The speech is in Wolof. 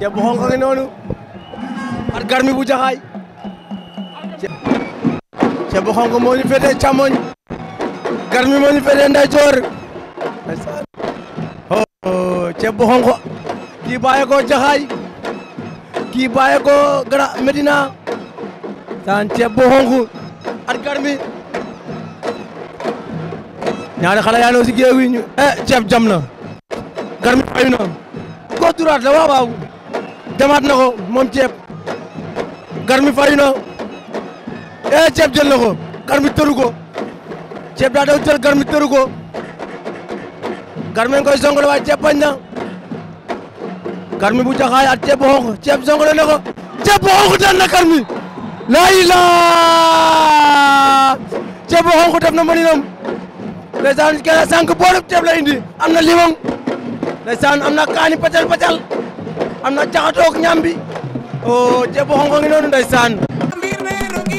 ceeb bu xonq ngi noonu at garmi bu jaxaay ceeb bu xonq moo ñu féetee càmmoñ garmi moo ñu féetee ndeyjoor oh, ceeb bu xonq kii bàyyi jaxaay kii bàyyi ko gara Medina saan ceeb bu xonq garmi ñaari xale yaa noo si géew eh, ceeb jam garmi fay na ko duraat la waaw waaw demaat na ko moom ceeb garmi fayu na ee eh, ceeb jël na ko garmi tëru ko ceeb daa daw jël garmi tëru ko garmi koy songale waaye ceeb bañ na garmi bu jaxaay ak ceeb bu xonq ceeb songale na ko ceeb bu xonq daan na garmi laa ilaa ceeb bu xonq def na maninam ndeysaan kene sànq boolub ceeb la indi am na limon ndeysaan am na kaani pacal pacal am na jaxatoo ak ñam bi o oh, jebo xongo ngi noonu ndeysaan